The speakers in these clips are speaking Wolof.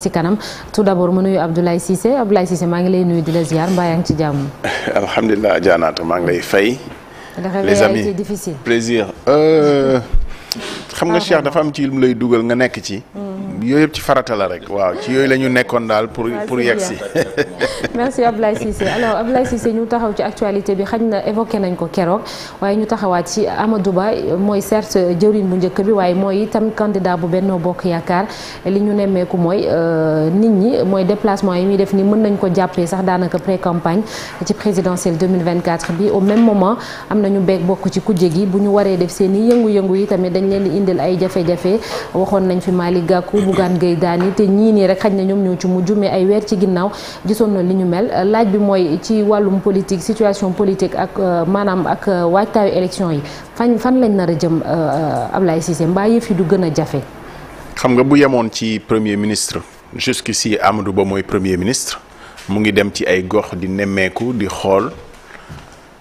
ci kanam tout d'abord mu nuyu Abdoulaye Cissé Abdoulaye Cissé maa ngi lay nuyu di la ziar mbaa yaa ngi ci jàmm. alhamdulilah Adianaata maa ngi lay fay. les amis difficile plaisir. Euh, xam nga Cheikh dafa am ci lu lay dugal nga nekk ci. Mm. yooyu yëpp ci farata la rek waaw ci yooyu la ñu nekkoon daal pour pour yegg si. merci Ablaye Cissé alors Ablaye Cissé ñu taxaw ci actualité bi xañ na évoqué nañ ko keroog waaye ñu taxawaat ci Amadou Ba mooy certes jëwriñ bu njëkk bi waaye mooy itam candidat bu Benno Bokk Yaakaar li ñu nemmeeku mooy euh, nit ñi mooy déplacement yi muy def ni mën nañ ko jàppee sax daanaka pré campagne ci présidentielle 2024 bi au même moment am nañu beeg bokk ci kujje gi bu ñu waree def seen i yëngu-yëngu yi tamit dañ leen di indil ay jafe waxoon nañ fi Malick Bougane Gueye Dany te ñii nii rek xaj na ñoom ñoo ci mu mais ay weer ci ginnaaw gisoon na li ñu mel laaj bi mooy ci wàllum politique situation politique ak euh, maanaam ak euh, waajtaayu élection yi fan fan lañ nar a jëm euh, Ablaye Cissé mbaa yëf yi du gën a jafe. xam nga bu yemoon ci premier ministre si Amadou Ba mooy premier ministre mu ngi dem ci ay gox di nemmeeku di xool.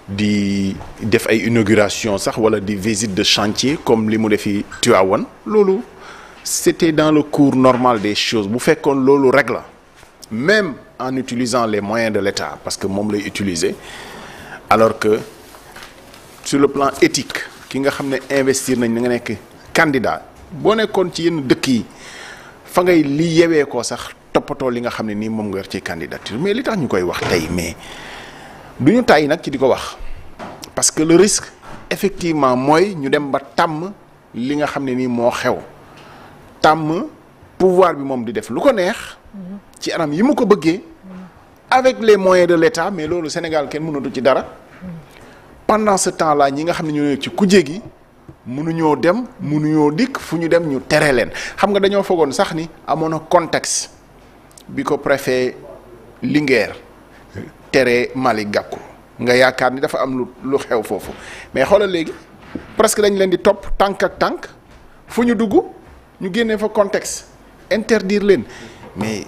di def ay inauguration sax wala di visite de chantier comme li mu defi Tivaouane loolu c'était dans le cours normal des choses bu fekkoon loolu rek la même en utilisant les moyens de l'État parce que moom lay utiliser alors que sur le plan éthique ki nga xam ne investir nañ da nga nekk candidat boo nekkoon ci yenn dëkk yi fa ngay li yewee ko sax toppatoo li nga xam ne nii moom nga ci candidature mais li tax ñu koy wax tey mais du ñu tàyyi nag ci di ko wax parce que le risque effectivement mooy ñu dem ba tàmm li nga xam ne nii moo xew tàmm pouvoir bi moom di def lu ko neex ci anam yi mu ko bëggee avec les moyens de l'État mais loolu Sénégal kenn mënatu ci dara pendant ce temps là ñi nga xam ne ñoo nekk ci kujje gi mënuñoo dem mu mënuñoo dikk fu ñu dem ñu tere leen xam nga dañoo foogoon sax ni amoon na contexte bi ko préfet Linguère tere mali Gakou nga yaakaar ni dafa am lu lu xew foofu mais xoolal léegi presque dañ leen di topp tànk ak tànk fu ñu dugg. ñu génnee fa contexte interdire leen mais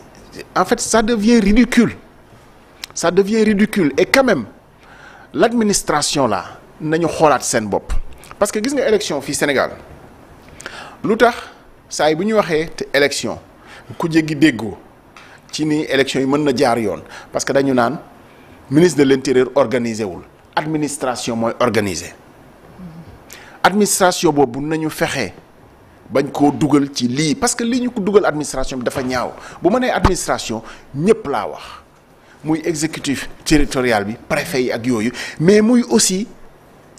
en fait ça devient ridicule ça devient ridicule et quand même l'administration la nañu xoolaat seen bopp parce que gis nga élection fii Sénégal lu tax saa yi bu ñu waxee te élection ku jéggi déggoo ci ni élection yi mën na jaar yoon parce que dañu naan ministre de l'intérieur organisé wul administration mooy organisé administration boobu nañu fexe. bañ koo dugal ci lii parce que li ñu ko dugal administration bi dafa ñaaw bu ma nee administration ñëpp laa wax muy exécutif territorial bi préfet yi ak yooyu mais muy aussi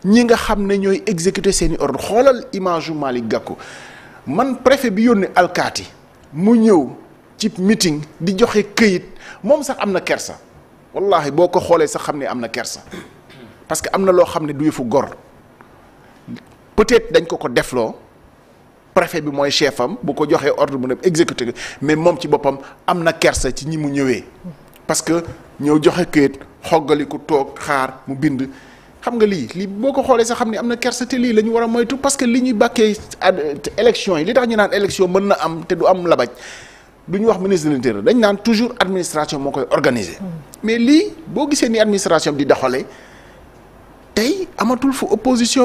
ñi nga xam ne ñooy exécuter seeni ordre xoolal image yu Malick Gakou man préfet bi yónni alkaati mu ñëw ci meeting di joxe këyit moom sax am na kersa wallahi boo ko xoolee sax xam ne am na kersa parce que am na loo xam ne du yëfu gor peut-être dañ ko ko defloo préfet bi mooy chef am bu ko joxee ordre mu ne exécuté ko mais moom ci boppam am na kersa ci ñi mu ñëwee parce que ñëw joxe këyit xoggali ku toog xaar mu bind xam nga lii lii boo ko xoolee sax xam ne am na kersa te lii la ñu war a moytu parce que li ñuy bàkkee élection yi li tax ñu naan élection mën na am te du am labaj du ñu wax ministre de dañ naan toujours administration moo koy organiser hmm. mais lii boo gisee ni administration bi di doxalee tey amatul fu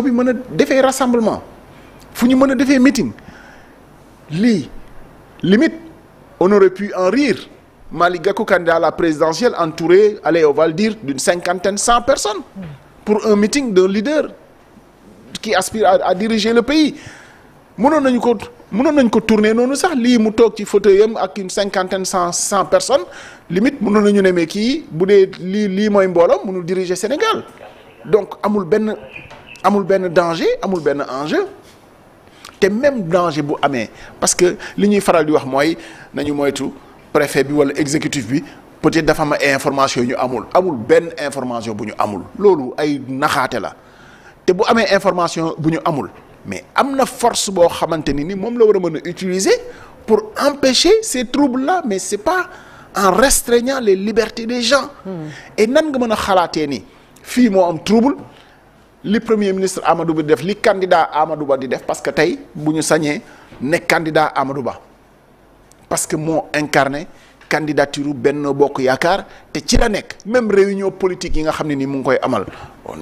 bi mën a defee rassemblement fu ñu mën a defee meeting lii limite on aurait pu en rire Malick Gakou candidat à la présidentielle entouré allez on va le dire d'une cinquantaine cent personnes pour un meeting d'un leader qui aspire à, à diriger le pays mënoon nañu ko mënoon nañ ko tourner noonu sax lii mu toog ci fauteuil am ak une cinquantaine cent cent personnes limite mënoon nañu ne mais kii bu dee lii lii mooy mbooloom mënul diriger Sénégal donc amul benn amul benn danger amul benn enjeu te même danger bu amee parce que li ñuy faral di wax mooy nañu moytu préfet bi walla exécutif bi peut-être dafa am information yu ñu amul amul benn information bu ñu amul loolu ay naxaate la te bu amee information bu ñu amul mais am na force boo xamante ni ni moom la war a mën a utiliser pour empêcher ces troubles la mais c'est pas en restreignant les libertés des gens. Hmm. et nan nga mën a xalaatee ni fii moo am trouble. li premier ministre Amadou Ba def li candidat Amadou Ba di def parce que tey bu ñu sañee ne candidat Amadou Ba parce que moo incarné candidature benn Bokk Yaakaar te ci la nekk même réunion politique yi nga xam ne ni mu ngi koy amal on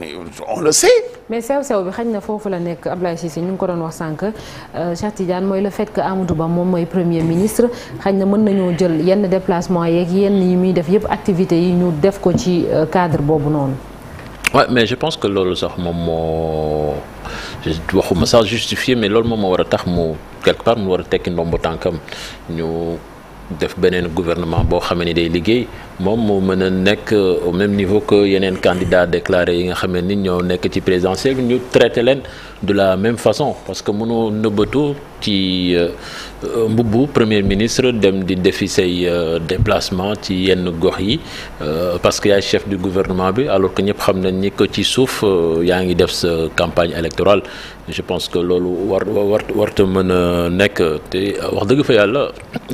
on le sait. mais sew sew bi xañ na foofu la nekk Abdoulaye Cissé ñu ngi ko doon wax sànq euh, Cheikh mooy la fait amadu Ba moom mooy premier ministre xañ na mën nañoo jël yenn déplacement yeeg yenn yi muy def yëpp activités yi ñu def ko ci euh, cadre boobu noonu. waaw mais je pense que loolu sax moom moo waxuma sax justifié mais loolu moom moo war a tax mu quelque part mu war a tekki ndombu tànkam ñu def beneen gouvernement boo xamee ni day liggéey moom moo mën a nekk au même niveau que yeneen candidats déclarés yi nga xam ni ñoo nekk ci présidentielle ñu traité leen de la même façon parce que mënoo nëbbatu ci euh, mbubbu premier ministre dem di defi say euh, déplacement ci yenn gox yi euh, parce que yaay chef du gouvernement bi alors que ñëpp xam nañ ni ko ci suuf yaa ngi def sa campagne électorale je pense que loolu war war warta mën a nekk te wax dëgg fa yàlla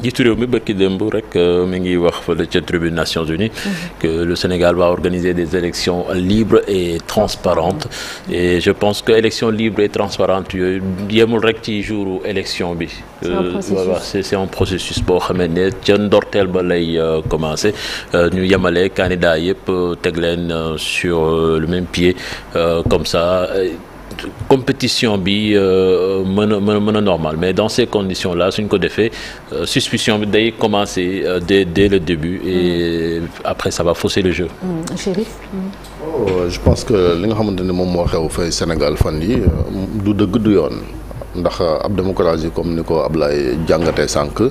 jiitu réew mi bëkki démb rek mu ngi wax fële ca tribunal Nations Unies, que le Sénégal va organiser des élections libres et transparentes. Et je pense que élection libre et transparente yooyu yemul rek ci jouru élection bi. Euh, voilà c'est un processus boo xamee ne ca ndorteel ba lay euh, commencer euh, ñu yemale candidat yëpp teg leen sur le même pied comme ça. compétition bi euh, mën a mën a normal mais dans ces conditions là suñ ko defee euh, suspicion bi day commencer euh, dès dès le début et après ça va fausser le jeu. Mm, mm. je pense que li nga xamante ne moom moo xew fay Sénégal fan yi du dëgg du yoon. ndax ab démocratie comme ni ko Ablaye jàngatee sànq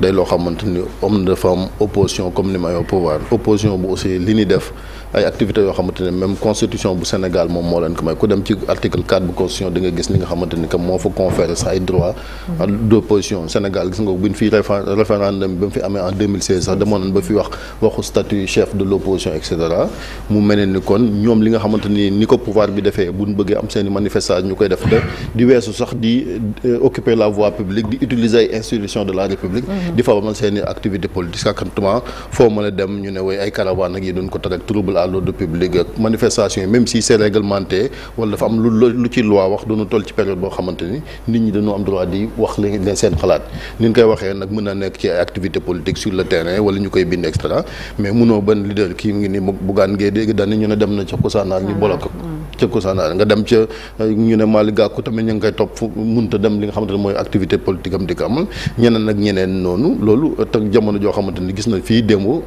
day loo xamante ni homme de femme opposition comme ni may pouvoir opposition bu aussi li ni def. ay activités yoo xamante ne constitution bu Sénégal moom moo leen ko may ku dem ci article 4 bu constitution di gis li nga xamante ni moo fa conféré ay droits d'opposition Sénégal gis nga ko bi ñu fi référendum bi mu fi amee en sax demoon nañ ba fi wax waxu statut chef de l'opposition et mu mel ni kon ñoom li nga xamante ni ko pouvoir bi defee bu ñu bëggee am seen i manifestation ñu koy def te di weesu sax di euh, occuper la voie i activité politique exactement foo a dem ñu ne à l'ordre public ak manifestation yi même si c'est réglementé wala dafa am lu lu ci loi wax dañu toll ci période boo xamante ni nit ñi dañoo am droit di wax li leen seen xalaat ni ñu koy waxee nag mën naa nekk ci ay activité politique sur le terrain wala ñu koy bind extra mais munoo ban leader kii mu ngi ni Bougane Gueye dégg dañ ñu ne dem na ca Kousanaar ñu bolok ca Kousanaar nga dem ca euh, ñu ne Malick Gakou tamit ñu ngi koy topp fu munta dem li nga xamante ne mooy activité politique am di ko amal ñeneen ak ñeneen noonu joo xamante ni gis na fii démb euh,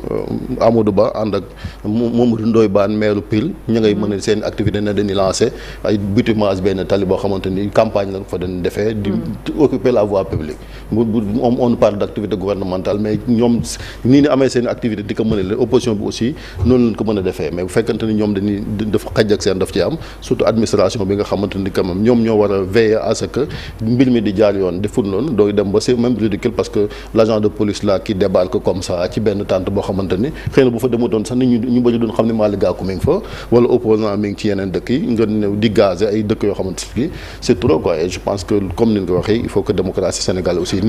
Amadou Ba ànd ak Mamadou Ndoye Bane meeru Pile ñu ngay mm-hmm. mën a seen activité ne dañuy lancé ay bitumage benn tali boo xamante ni campagne la fa defee d' mm-hmm. activité gouvernementale mais ñoom nii ni amee a leen opposition bi aussi noonu lañ ko mën a defee mais bu fekkante ni ñoom dañuy dafa xaj ak seen daf ci am am surtout administration bi nga xamante ni ñoom ñoo war a à ce que mbir mi di jaar yoon deful noonu dooy dem ba c'est même ridicule parce que l'agent de police là qui débarque comme ça ci benn tente boo xamante ni bu fa demutoon sax nit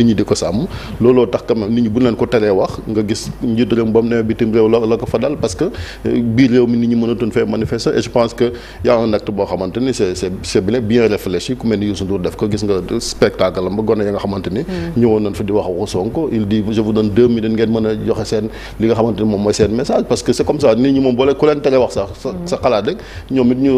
ñi di ko sàmm looloo tax quand nit ñi bu leen ko teree wax nga gis njiitu réew ba mu bitim réew la la ko fa dal parce que euh, biir réew mi nit ñi mënatuñ fee manifester et je pense que a un acte moom mooy seen message parce que c'est comme ça nit ñi moom boole ku leen tere wax sa xalaat rek ñoom it ñu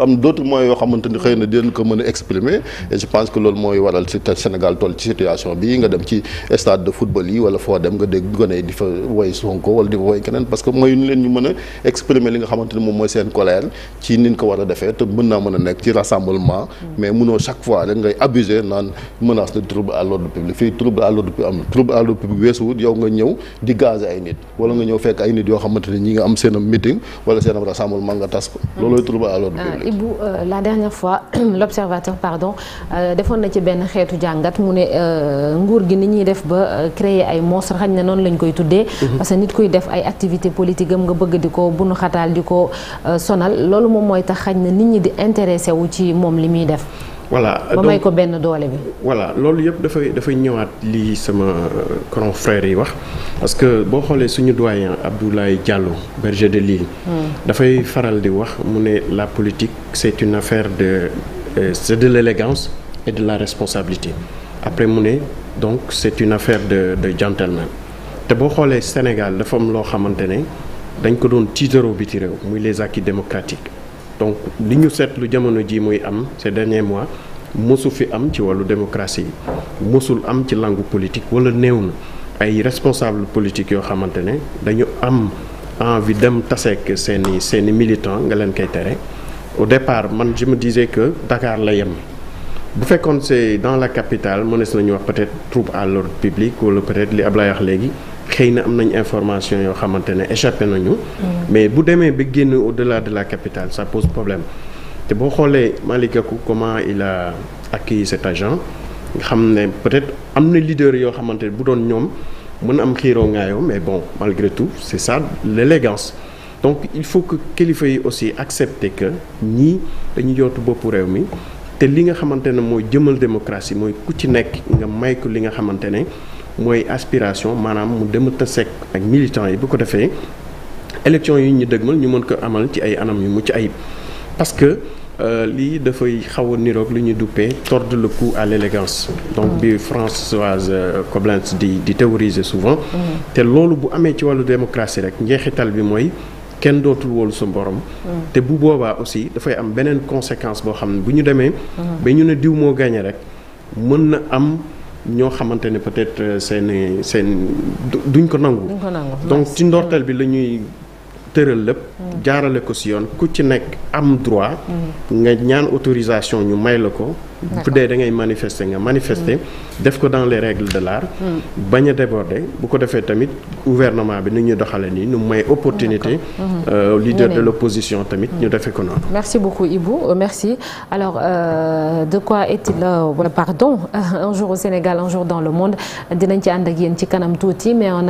am d'autres moyens yoo xamante xëy na di leen et je pense que loolu mooy waral Sénégal toll ci situation bi nga dem ci stade de football yi wala foo dem nga dégg gone yi di fa woy Sonko wala di fa woy keneen parce que mayuñu leen ñu mën a exprimer li nga xamante moom mooy seen colère ci nin ko war a defee te mën naa mën a nekk ci rassemblement mais munoo chaque fois rek ngay abuser naan menace de trouble à l'ordre public fii trouble à l'ordre public am trouble yow nga ñëw di gazer ay nit wala nga ñëw fekk ay nit yoo xamante ne ñi am seen meeting wala seen rassemblement nga tas ko mm. trouble à l'ordre public euh, euh, la dernière fois l'observateur pardon euh, defoon na ci benn xeetu jàngat mu ne nguur gi ni ñuy def ba créer ay monstre xañ na noonu lañ koy tuddee mm-hmm. parce que nit kuy def ay activité politique am nga bëgg di ko bunu loolu moom mooy tax xaj na nit ñi di intéressé wu ci moom li muy def. voilà ba may ko benn doole bi. voilà loolu yëpp dafay dafay ñëwaat lii sama euh, confrère yi wax parce que boo xoolee suñu doyen Abdoulaye Diallo berger de lii hmm. dafay faral di wax mu ne la politique c'est une affaire de euh, de l'élégance et de la responsabilité après mu ne donc c'est une affaire de de gentleman te boo xoolee Sénégal dafa loo xamante ne. dañ ko doon tiitaroo biti réew muy les acquis démocratiques donc li ñu seetlu jamono ji muy am ces derniers mois mosu fi am ci wàllu démocratie yi mosul am ci langu politique wala néew na ay responsable politique yoo xamante ne dañu am envie dem taseek seeni seeni militant nga leen koy tere au départ man je me disais que Dakar la yem bu fekkoon c'est dans la capitale mënees nañu wax peut-être trouble à l'ordre public wala peut-être li Ablaye wax léegi xëy na am nañ information yoo xamante ne échappé nañu. mais bu demee ba génn au de delà de la capitale ça pose problème te boo xoolee Malick Gakou comment il a accueilli cet agent xam ne peut-être am na leader yoo xamante ne bu doon ñoom mën am xiiroo ngaayoo mais bon malgré tout c'est ça l'élégance donc il faut kilifa yi aussi accepter que ñii dañu yootu bopp réew mi te li nga xamante ne mooy jëmal démocratie mooy ku ci nekk nga may ko li nga xamante ne. mooy aspiration maanaam mu dem a ak militants yi bu ko defee élection yi ñu dëgmal ñu mën ko amal ci ay anam yu mucc ayib parce que euh, lii dafay xaw a niroog lu ñu duppee tordre le cou à l'élégance donc mm. bi Françoise Coblentz euh, di di théoriser souvent mm. te loolu bu amee ci wàllu démocratie rek njeexital bi mooy kenn dootul wóolu sa borom. Mm. te bu boobaa aussi dafay am beneen conséquence boo xam ne bu ñu demee ba ñu ne diw moo gagné rek mën na am ñoo xamante ne peut-être euh, seen seen duñ ko nangu. donc ci ndorteel bi mm. lañuy tëral lépp. Mm. jaarale ko si yoon ku ci nekk am droit. Mm. nga ñaan autorisation ñu may la ko. bu dee da ngay manifester nga manifester. Mm. def ko dans les règles de l'art mm. bañ a déborder bu ko defee tamit gouvernement bi ni ñu doxale nii nu may opportunité mm-hmm. euh, leader de l'opposition tamit ñu mm. defee ko noonu merci beaucoup Ibou euh, merci alors euh, de quoi est-il euh, pardon un jour au Sénégal un jour dans le monde dinañ ci ànd ak yéen ci kanam tuuti mais